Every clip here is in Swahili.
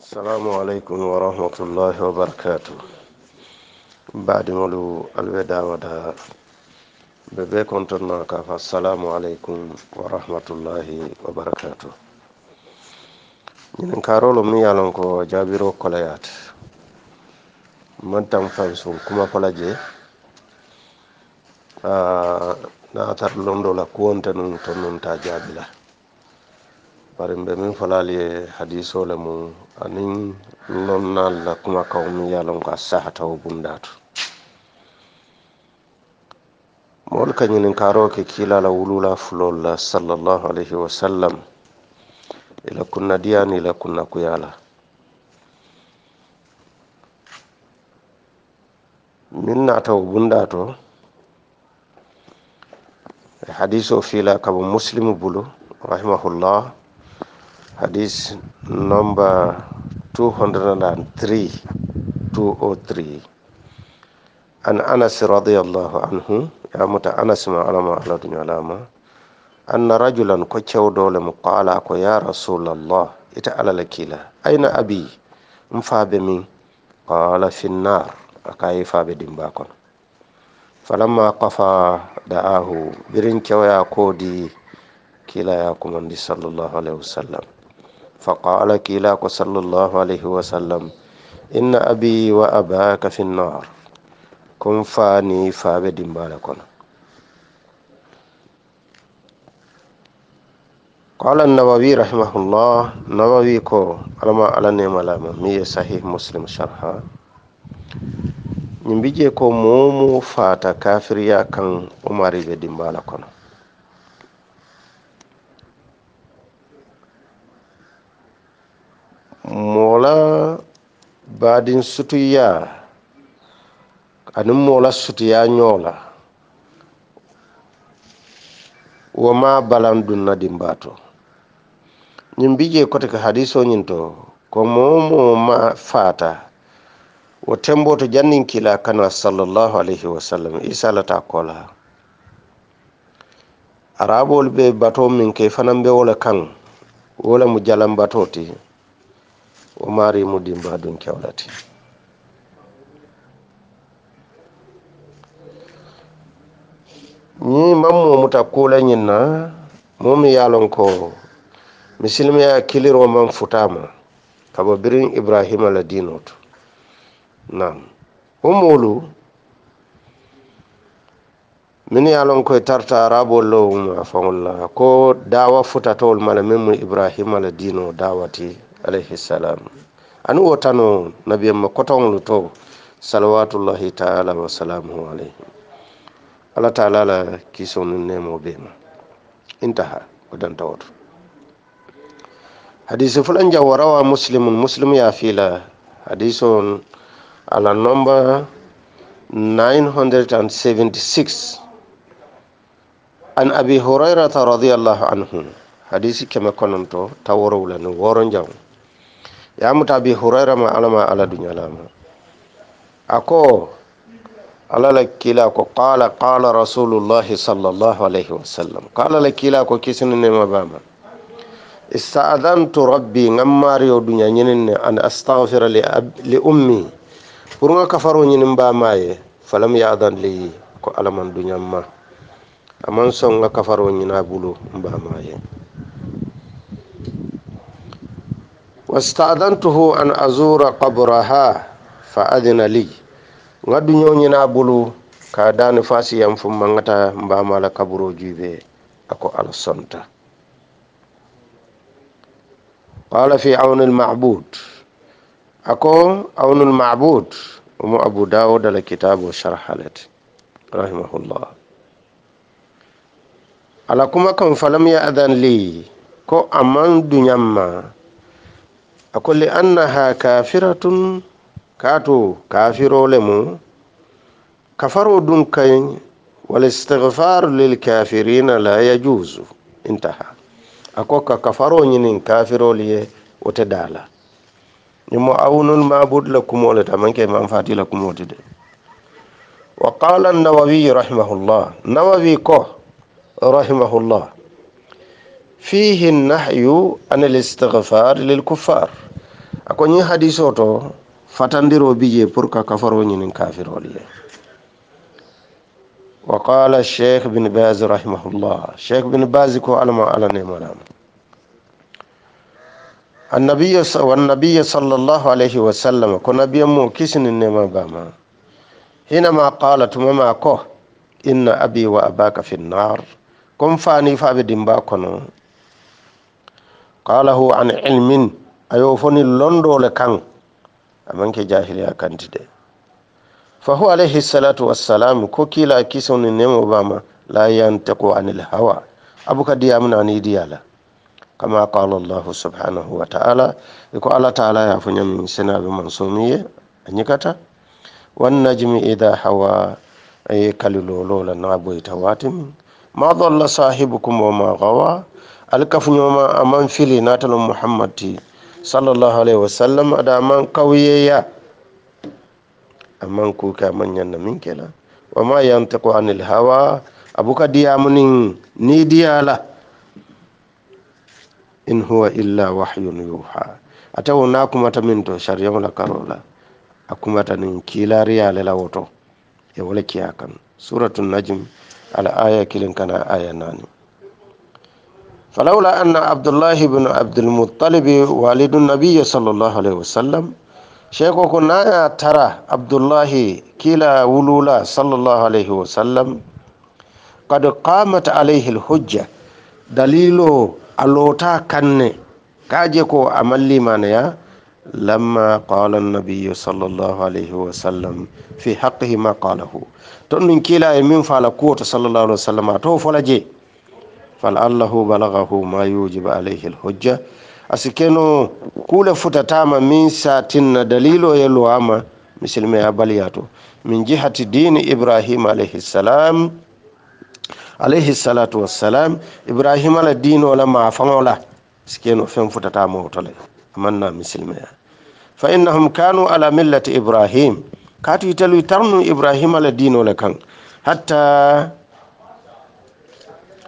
assalamu aleykum wa rahmatullahi wa barakatu baadimolu alwedawada ɓe ɓe kontonna kaf assalamu aleykum wa rahmatullahi wa barakatu ñinen karolo mi yalon ko jaabiro kolayat man tan fam son kuma kolaje ah, naatar londola kuwonte nun to nun ta jaabila bari n bɛ min fɔl'al ye hadiso le mu ani lonnal la kumakaw min ye a lon ko a sahatawo bundaatu moolu ka ñininkaro um ke kiila la wulula fulol la sallallahu alayhi wa sallam ila kunna diyani ila kunna kuyala min naatawo bunda to hadiso fiila kabo muslimu bulu rahimahullah hadith number 203 203 an anas radiyallahu anhu yamuta anas ma alama ala duño alama anna rajulan ko cewdole mo qala ko ya rasulallah ita alala kila aina abi m faabe min qala finnar akayi faabe dimba kono falamma qafa da'ahu birin cewoya kodi kila ya kumandi sallallahu alayhi wa فقال كلاك صلى الله عليه وسلم إن أبي وأباك في النار كن فاني فابد بالكنا قال النووي رحمه الله نووي كو علما على نيم علما مي صحيح مسلم شرحا نبيجي كو مومو فاتا كافريا كان عمر بدين بالكنا badin sutuya anu mola sutuya ñola woma balan dun na dimbato ñin bije kote ko hadiso ñin to ko momo ma fata wo tembo to jannin kila kanu sallallahu alayhi wa sallam isa lata kola arabol be bato min ke fanan be wola kan wola mu jalan bato ti o mari mudimba dun kewlati ñi mam momuta kulañin na momi yalon ko misilmaya kiliro man futama kabo birin ibrahima la dinotu nam womolu min yalon koye tarta arabol lowuma fawolla ko dawa futatowol mala min mu ibrahima la dino dawati alayhi salam ani wo tano nabiyamma kotoŋolu to salawatullahi taala wa alayhim alayhi alla taala la kiisonu nemo bema intaha o danta woto hadisi fulan ja warawa muslimun muslim ya fila hadison ala number 976 an abi hurairata radiallahu anhu hadisi keme kononto taworowla no woron muta bi hurayra ma ala dunya ala duñalama ako ala la kila ko qala qala rasulullah sallallahu alaihi wasallam sallam qala la kila ko ma bama istaadantu rabbi o dunya duña ne an astaghfira li, li ummi pour nga kafaro ñinin maye falam yadan li ko alaman duñamma aman son nga kafaro nyina bulu ye. wastaadantu tuho an azura qabra ha fa adina li ngadu nyoni na bulu ka dani fasi yam fu mangata mba mala kaburo jibe ako al santa qala fi aun al ma'bud ako aun al ma'bud umu abu daud al kitab wa sharh ala kuma kan falam ya adan li ko amandu nyamma ako li annaha kafiratun kaatu kafirole mu kafaro dun kay walistighfaru lilkafirina la yajuzu intaha akoka ka kafaro ñinin kafirol ye wote dala ñimo awnul mabud la kumole ta manke man fati la kumoti de wa qala an-nawawi rahimahullah nawawi ko rahimahullah فيه النحي عن الاستغفار للكفار أكوني حديث أوتو فتندرو بيجي بركا كفروني من كافر ولي وقال الشيخ بن باز رحمه الله الشيخ بن باز كو علم على نيمان النبي والنبي صلى الله عليه وسلم كو نبي مو كيسن نيمان باما حينما قال تمما كو إن أبي وأباك في النار كم فاني فابي دمبا qalahu an ilmin ayo foni le kan amanke jahiliya kanti de fahu alayhi salatu wassalam ko kila kisoni nemo bama la yantaku anil hawa abuka diyamna ni diyala kama qala allah subhanahu wa ta'ala iko ala ta'ala ya funya min sina bi mansumiye anyikata wan najmi idha hawa ay kalilolo la na boyta watim ma dhalla sahibukum wa ma ghawa alkafuñoma aman fili natano muhammad ti sallllahu alayhi wa sallam aman kawyeya aman kuke aman ñanna min kela wama yantiku anil hawa abuka diyamu nin ni diyala in huwa illa wahyun yuha ata wona kumata min to sariyamola karola akumata kumata nin kilariyale la woto e wala kiya kan suratu najm ala aya kilin kana aya nani فلولا أن عبد الله بن عبد المطلب والد النبي صلى الله عليه وسلم sheko kunaya tara abdullahi kila wulula sallallahu alaihi wasallam kad qamat alaihi lhujja dalilo alota kanne kaje ko amalli manaya lamma qala annabiyu sallallahu alaihi wasallam fi haqqihi ma qalahu ton min kila e min fala kuwoto sallallahu alaihi wasallam to fola je falallahu balagahu ma yujibu alayhi alhujja asikeno kula futatama min satinna dalilo yelo ama misilme ya baliyato min jihati dini ibrahim alayhi salam alayhi salatu wassalam ibrahim ala dino la ma fangola sikeno fem futatama otole amanna misilme ya fa innahum kanu ala millati ibrahim katu italu tarnu ibrahim ala dino la kan hatta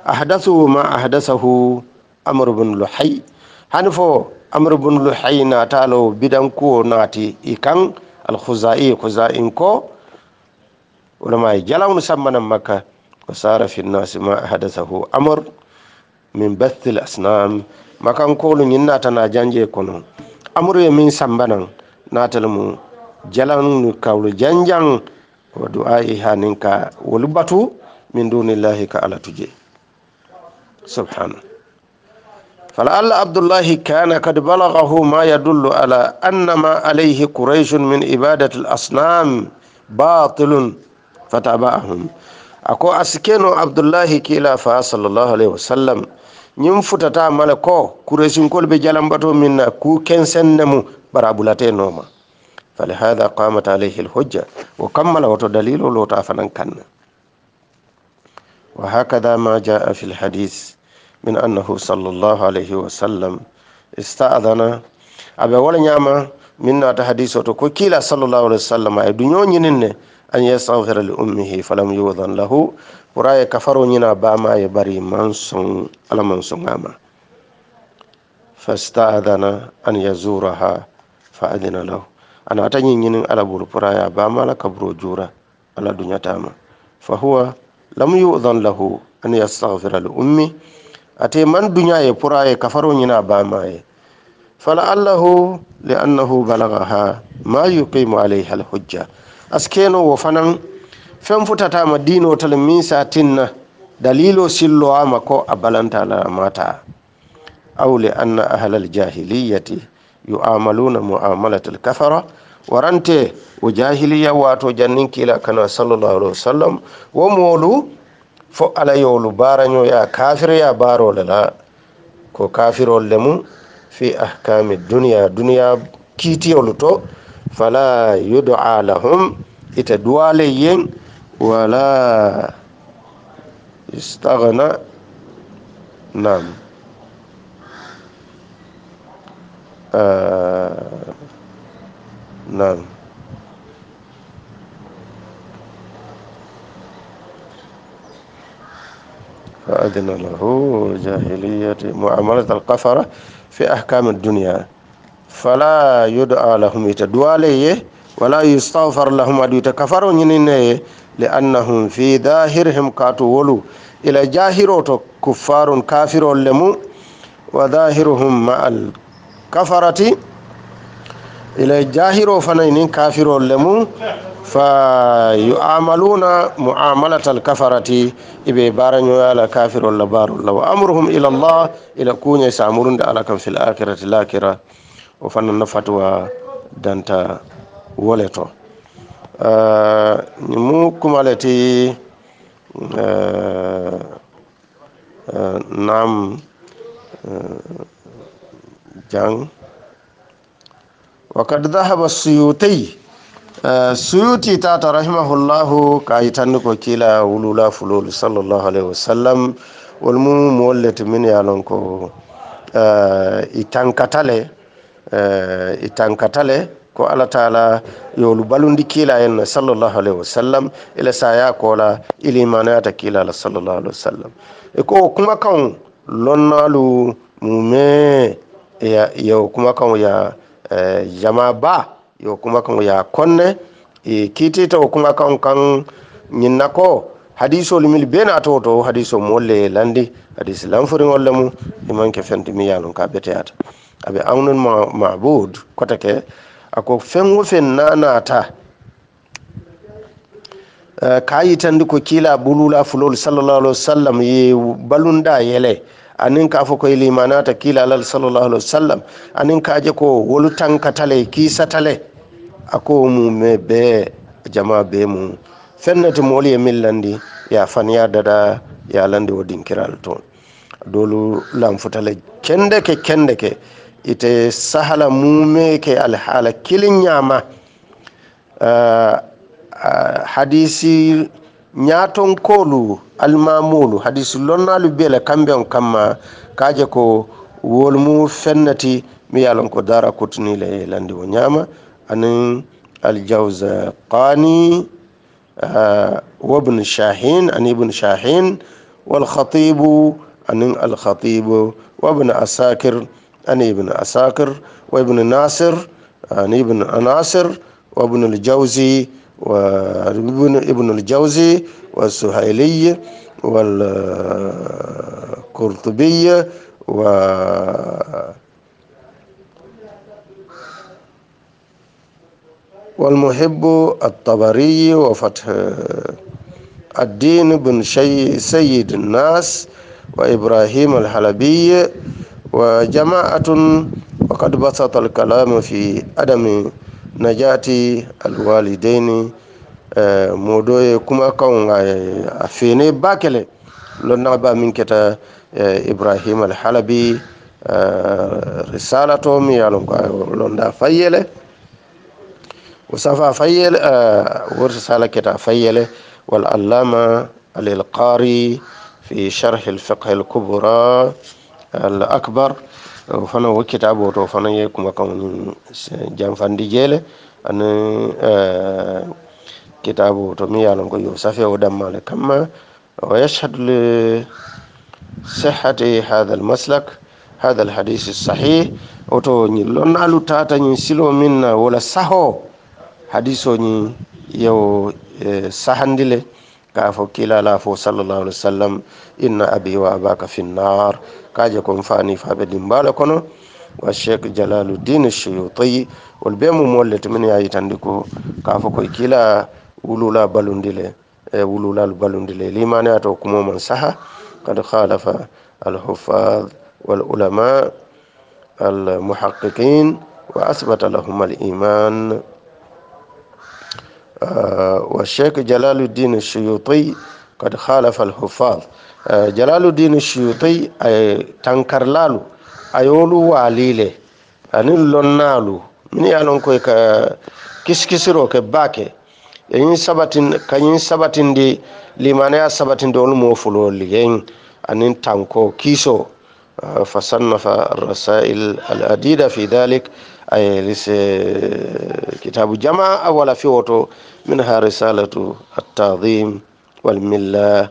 ahdasuhu ma ahdasahu amaru bun luhay hani fo amaru bun luhay natalo bidankuwo naati i kan alhusa'i husa'in ko ulamayi e jalawnu sammanan makka wa sara fi nnasi ma ahdasahu amar min bathi l asnam makankolu ñin natana janje kono amaru ye min sambanan natal mu jalawnu kawlu janjan wa du'a'i hanin ka wolu batu min dunillahi ka ala tuje سبحانه فلعل عبد الله كان قد بلغه ما يدل على أن ما عليه قريش من إبادة الأصنام باطل فتبعهم أكو أسكينو عبد الله كيلا صلى الله عليه وسلم ñiŋ futata a ma le ko kuresinkolu be jalambato miŋ na kuu kenseŋ ne mu bari a bulate nooma falihada qamat alayhi lhujja wo kammala woto dalilolu woto a fanaŋ kaŋ na وهكذا ما جاء في الحديث من أنه صلى الله عليه وسلم استأذن أبي ولا نعمة من حديث كلا صلى الله عليه وسلم أدنيون ينن أن يستغفر لأمه فلم يوذن له وراي كفروا ينا باما يبري منصن على منصن أما فاستأذن أن يزورها فأذن له أنا أتنين ينن على بول براي باما لكبرو جورا على دنيا تاما فهو lam yu'dhan lahu an yastaghfira li ummi ate man dunya ye pura ye kafaro ñina bama ye falaallahu liannahu balagaha ma yuqimu alayha alhujja askeno wo fanan fen futatama dino tal min tinna dalilo sillo ama ko a balantala mata aw li anna ahla aljahiliyati yu'amaluna mu'amalatal kafara warante o jahiliya wato janninkila kana sallallahu alahi wa sallam wo moolu fo ala yowlu baraño ya kafir ya barole la ko kafirolle mum fi ahkami duniya duniya kiitiyolu to fala yudaa lahum ita duwale yen wala istagna nam uh, نعم فأذن له جاهلية معاملة القفرة في أحكام الدنيا فلا يدعى لهم يتدوالي ولا يستغفر لهم أن يتكفروا نيني لأنهم في ظاهرهم كاتولوا إلى جاهر كفار كافر لمو وظاهرهم مع الكفرة ilay jahiro fana nin kafirol le mum fa yu'amaluna mu'amalatal kafarati ibe barañoya ala kafirol la barol la wa amruhum ila allah ila kuñay samurunde ala kam fil akhirati lakira o fana nafatwa danta wole to mu kumaleti nam jang wakad dahaba suyutay suyuti tata rahimahullahu kayi tanni ko kila wulula fulolu salllahu alayhi wasallam wolmu muwolleti min yalon ko itankatale itankatale ko allah taala yolu balundi kila en salllahu alayhi wasallam ila saya kola ilimanoyata kilala salllahu alahi wasallam e ko kuma kan lonnalu mume ya yo kuma kan ya Eh, jama ba yo kuma kan ya konne e kiti to kuma kan kan nyinna ko hadiso mil bena to to hadiso molle landi hadis lamfuri ngolle mu iman ke fenti mi yalon ka beteyata abe awnun ma mabud kota ke ako fen wo fen nanata uh, eh, kayitandi ko kila bulula fulol sallallahu alaihi wasallam ye balunda yele anin ka fo koye limanata kiila alal sallllahu alih wa sallam anin kaje ko wolu tankatale kiisatale ako mume be jama bee mum fennete moolu ye min landi ya faniya dada ya landi wo dinkiral to dolu lanfutale kendeke kendeke ite sahala mume ke alhaala kilin ñama uh, uh, hadisi ñaton kolu almamulu hadisi lonnalu bela kambe on kamma kaje ko wolmu fennati mi yalon ko dara kutuni le landi o ñama anin aljawza qani وابن شاهين عن ابن شاهين والخطيب عن الخطيب وابن أساكر عن ابن أساكر وابن ناصر عن ابن ناصر وابن الجوزي وابن الجوزي والسهيلي والقرطبي و والمحب الطبري وفتح الدين بن شي سيد الناس وإبراهيم الحلبي وجماعة وقد بسط الكلام في أدم najati alwalidaini uh, modo ye kuma kan a fene ba kele lonna ba min keta uh, ibrahim alhalabi uh, risala to mi yalon ko londa fayyele وصفى فيل ورسالة كتاب فيل والعلامة القاري في شرح الفقه الكبرى الأكبر فانا وكتاب وفانا يكما كون جان فان دي جيلة أنا آه، كتاب وطمي يعلم كي يوسفي ودم كما ويشهد لصحة هذا المسلك هذا الحديث الصحيح وتو نيلون علو تاتا نسلو من ولا سهو حديثو ني يو آه، سهن دي كافو كلا لافو صلى الله عليه وسلم إن أبي وأباك في النار kaje ko mfani faɓe dimbala kono wa sheikh jalaluddin shuyuti wol be mum wolle timin yayi tandi ko ka koye kila wulula balundile e wululal balundile limane ato kumoman saha kad khalafa alhufad walulama almuhaqiqin wa asbata lahum aliman wa sheikh jalaluddin shuyuti kad khalafa alhufad Eh, jalaluddin shiyutai a eh, tankarlalu ayolu walile anin lonnalu min ye lon koy ka eh, kisikisiro ke bake yeyin sabatin kayin sabatindi limanaya sabatindi olu mo fuloli yeyin anin tanko kiso فصنف الرسائل العديدة في ذلك أي لس كتاب جمع أول في risalatu منها رسالة التعظيم والملة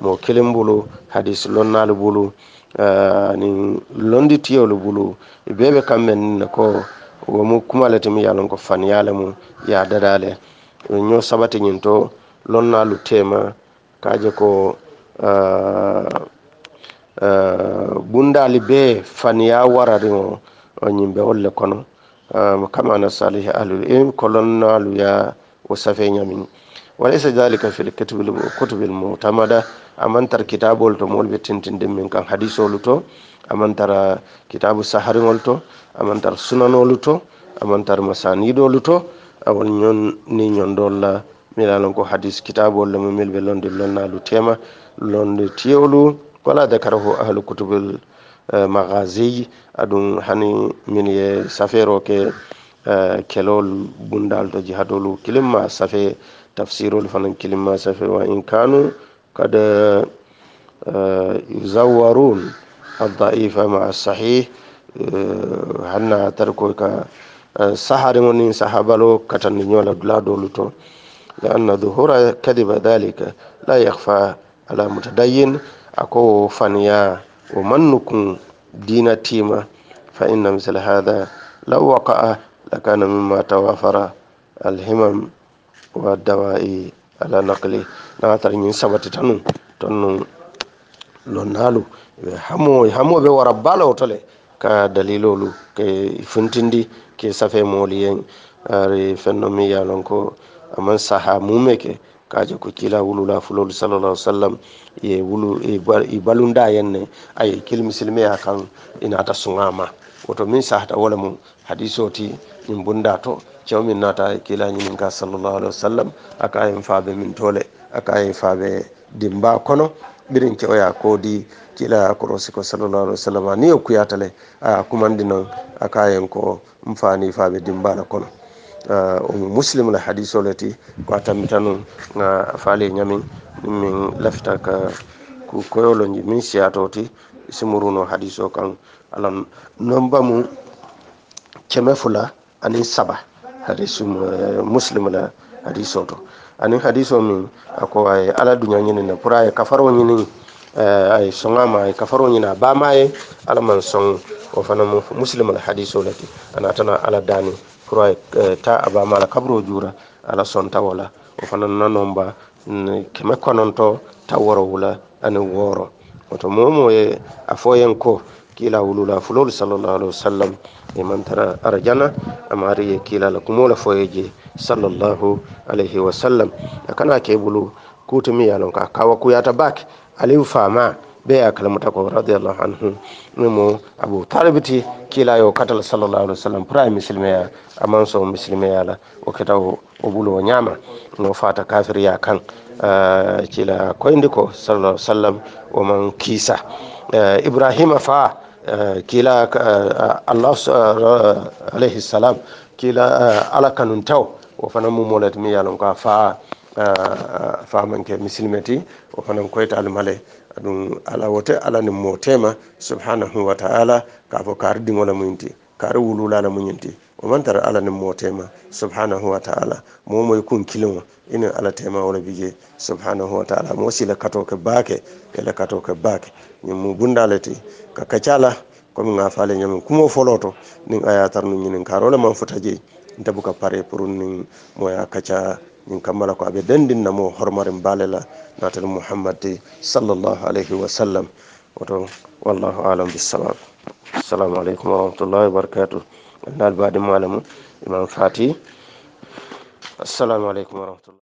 mo kelen bulu hadis lonnali bulu ni londi tiyolu bulu beɓe kamɓen ne ko womu kumalete mi yalon ko faniyale mu ya dadale ño sabati ñin to lonnalu tema kaje ko bundali be faniya warari o ñimɓe olle kono kama nasalihi ahlul ilm ko lonnalu ya o safeñamin walaysa dalika fi lkitubil mutamada amantar kitabol to molɓe tintinden min kan hadisolu to amantar ah, kitabu saharigol to amantar sunanolu to amantar masaniɗolu to awol ñon ni ñondol miɗalon ko hadis kitabol lemo milɓe londi lonnalu tema londi tiyolu wala dakara ho ahlu coutubel eh, magasiy aɗum hani min ye saferoke eh, kelol bundal to jihatolu kilimma safe tafsirolu fanan kilimma safe wa in kanu قد يزورون الضعيف مع الصحيح hanna tarko ka sahari mo nin sahabalo katandi ñola dula dolu to li anna kadi kadiba dalika la yahfa dayin mutadayin ako ya wo mannukun dina tima fa inna misal hada law waqa'a lakana mimma tawafara alhimam wa dawa'i ala naqli na ta tarihin sabati tanu tonnu be hamo hamo be wara bala tole ka dalilolu ke funtindi ke safe moliyen ari ya yalon ko aman saha mumeke je ko kila la fulolu sallallahu wasallam ye wulu i e e balunda yenne ay kil misilmeya kan ta sunama woto min sahata wala mu hadise o ti min bunda to cewmin nata kila ñinin ka sallallahu alaihi wasallam aka yin fa be min tole akaye faɓe dimba kono birin ke oya kodi kila korosi ko sallallahu alaihi wasallam ni o kuyatale a kumandi non akayen ko mfani faɓe dimbala kono omo um, muslim la hadise oleti ko a tammita nun ga a faali ñamin ɗum min lafita ka ko koyolo ji min siyatoti simuruno hadise o kan ala nomba mu keme fula anin saba hadise uh, muslim la hadiso to ani hadiso min ako ay ala dunya nyini na pura ay kafaro nyini eh, ay songa ma ay kafaro nyina ba ma ay ala man song o fana muslim al hadiso lati ana tana ala dani pura ay eh, ta abama ala kabro jura ala son wala o fana nanomba keme kononto taworo wula ani woro oto momo ye afoyen ko kila wulula fulol sallallahu alaihi wasallam e mantara arjana amari ye kila la kumola foyeje sallallahu alaihi wasallam akana ke bulu kutumi yalon ka kawa kuyata bak aliu fama be ya ko radiyallahu anhu memo abu talibti kila yo katala sallallahu alaihi wasallam prime muslima ya aman so muslima ya la o kata o bulo nyama no fata kafir ya kan kila ko indiko sallallahu alaihi wasallam o man kisa ibrahima fa kila eh, allah eh, alaihi salam kila eh, ala kanun taw o fana mola tumi ya ka fa wa misilmeti o fanan koyta almale aɗum ala wote ala ni motema subhanahu wa taala ka fo kaari ɗiŋola muyinti kare wululana muñinti o man tara ala nin mo tema subhanahu wa ta'ala mo moy kun kilin inin ala tema wala bije subhanahu wa ta'ala mo sila kato ke bake ila kato ke bake ñin mu bundalete ka kacala komi ga fale ñamin kumo foloto nin ayatar nu ñinin karole man futa jeyi buka pare pour nin moya kaca ñin kammala ko aɓe dendinna mo hormarin baale la natal muhammad sallallahu alayhi wa sallam wallahu alam bisawab assalamu aleykum wa rahmatullahi wa barakatuh annaal baɗi malamu imam fati assalamu aleykum wa rahmatullah